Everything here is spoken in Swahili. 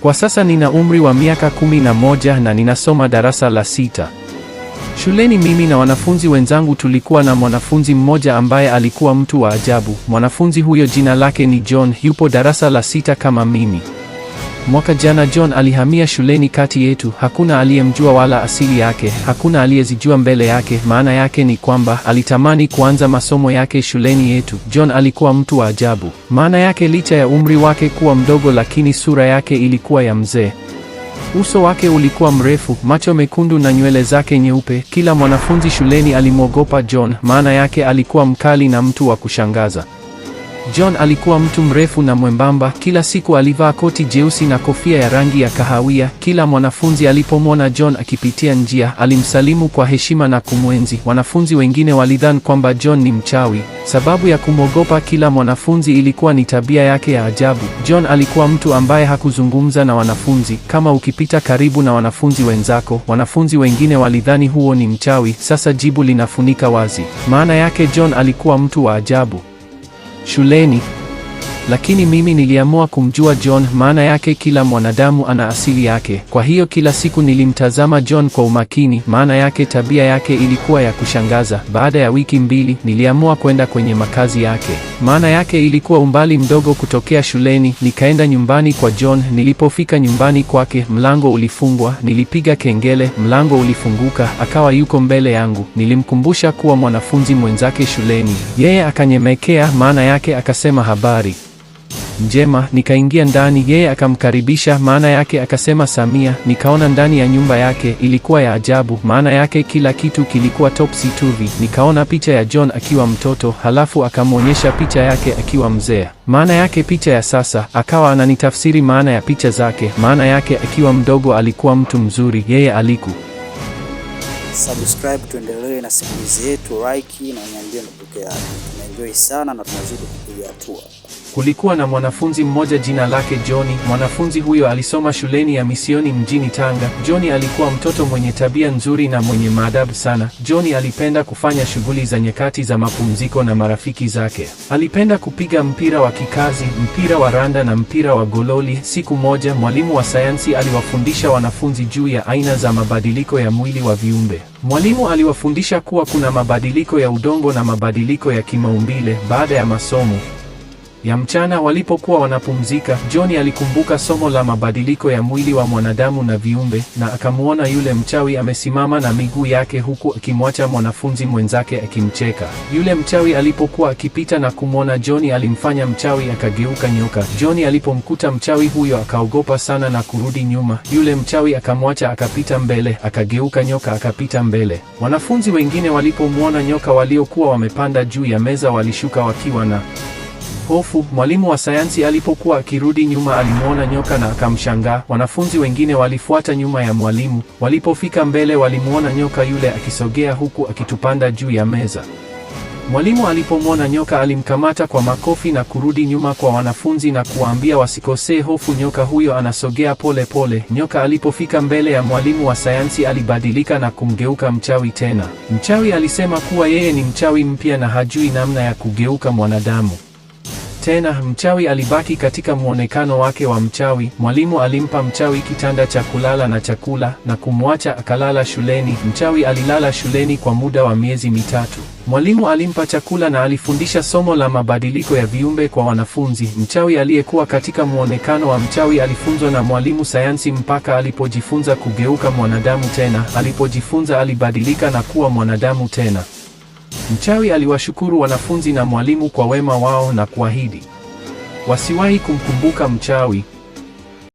Kwa sasa nina umri wa miaka kumi na moja na ninasoma darasa la sita. Shuleni mimi na wanafunzi wenzangu tulikuwa na mwanafunzi mmoja ambaye alikuwa mtu wa ajabu. Mwanafunzi huyo jina lake ni John, yupo darasa la sita kama mimi. Mwaka jana John alihamia shuleni kati yetu. Hakuna aliyemjua wala asili yake, hakuna aliyezijua mbele yake. Maana yake ni kwamba alitamani kuanza masomo yake shuleni yetu. John alikuwa mtu wa ajabu. Maana yake licha ya umri wake kuwa mdogo, lakini sura yake ilikuwa ya mzee. Uso wake ulikuwa mrefu, macho mekundu na nywele zake nyeupe. Kila mwanafunzi shuleni alimwogopa John, maana yake alikuwa mkali na mtu wa kushangaza. John alikuwa mtu mrefu na mwembamba, kila siku alivaa koti jeusi na kofia ya rangi ya kahawia. Kila mwanafunzi alipomwona John akipitia njia, alimsalimu kwa heshima na kumwenzi. Wanafunzi wengine walidhani kwamba John ni mchawi. Sababu ya kumwogopa kila mwanafunzi ilikuwa ni tabia yake ya ajabu. John alikuwa mtu ambaye hakuzungumza na wanafunzi. Kama ukipita karibu na wanafunzi wenzako, wanafunzi wengine walidhani huo ni mchawi. Sasa jibu linafunika wazi. Maana yake John alikuwa mtu wa ajabu. shuleni lakini mimi niliamua kumjua John, maana yake kila mwanadamu ana asili yake. Kwa hiyo kila siku nilimtazama John kwa umakini, maana yake tabia yake ilikuwa ya kushangaza. Baada ya wiki mbili, niliamua kwenda kwenye makazi yake, maana yake ilikuwa umbali mdogo kutokea shuleni. Nikaenda nyumbani kwa John. Nilipofika nyumbani kwake, mlango ulifungwa. Nilipiga kengele, mlango ulifunguka, akawa yuko mbele yangu. Nilimkumbusha kuwa mwanafunzi mwenzake shuleni, yeye akanyemekea, maana yake akasema habari njema, nikaingia ndani, yeye akamkaribisha, maana yake akasema Samia. Nikaona ndani ya nyumba yake ilikuwa ya ajabu, maana yake kila kitu kilikuwa topsy turvy. Nikaona picha ya John akiwa mtoto, halafu akamwonyesha picha yake akiwa mzee, maana yake picha ya sasa. Akawa ananitafsiri maana ya picha zake, maana yake akiwa mdogo alikuwa mtu mzuri, yeye aliku Subscribe, tuendelee na simulizi yetu, like na uniambie matokeo yake. Tunaenjoy sana na tunazidi kupiga hatua. Kulikuwa na mwanafunzi mmoja jina lake Johnny. Mwanafunzi huyo alisoma shuleni ya misioni mjini Tanga. Johnny alikuwa mtoto mwenye tabia nzuri na mwenye maadabu sana. Johnny alipenda kufanya shughuli za nyakati za mapumziko na marafiki zake. Alipenda kupiga mpira wa kikazi, mpira wa randa na mpira wa gololi. Siku moja, mwalimu wa sayansi aliwafundisha wanafunzi juu ya aina za mabadiliko ya mwili wa viumbe. Mwalimu aliwafundisha kuwa kuna mabadiliko ya udongo na mabadiliko ya kimaumbile. Baada ya masomo ya mchana walipokuwa wanapumzika, John alikumbuka somo la mabadiliko ya mwili wa mwanadamu na viumbe, na akamwona yule mchawi amesimama na miguu yake huku akimwacha mwanafunzi mwenzake akimcheka. Yule mchawi alipokuwa akipita na kumwona John, alimfanya mchawi akageuka nyoka. John alipomkuta mchawi huyo akaogopa sana na kurudi nyuma. Yule mchawi akamwacha akapita mbele, akageuka nyoka akapita mbele. Wanafunzi wengine walipomwona nyoka waliokuwa wamepanda juu ya meza walishuka wakiwa na hofu, mwalimu wa sayansi alipokuwa akirudi nyuma alimwona nyoka na akamshangaa. Wanafunzi wengine walifuata nyuma ya mwalimu. Walipofika mbele, walimwona nyoka yule akisogea huku akitupanda juu ya meza. Mwalimu alipomwona nyoka alimkamata kwa makofi na kurudi nyuma kwa wanafunzi na kuwaambia wasikosee hofu, nyoka huyo anasogea pole pole. Nyoka alipofika mbele ya mwalimu wa sayansi alibadilika na kumgeuka mchawi tena. Mchawi alisema kuwa yeye ni mchawi mpya na hajui namna ya kugeuka mwanadamu. Tena mchawi alibaki katika mwonekano wake wa mchawi. Mwalimu alimpa mchawi kitanda cha kulala na chakula na kumwacha akalala shuleni. Mchawi alilala shuleni kwa muda wa miezi mitatu. Mwalimu alimpa chakula na alifundisha somo la mabadiliko ya viumbe kwa wanafunzi. Mchawi aliyekuwa katika mwonekano wa mchawi alifunzwa na mwalimu sayansi mpaka alipojifunza kugeuka mwanadamu tena. Alipojifunza alibadilika na kuwa mwanadamu tena. Mchawi aliwashukuru wanafunzi na mwalimu kwa wema wao na kuahidi wasiwahi kumkumbuka mchawi.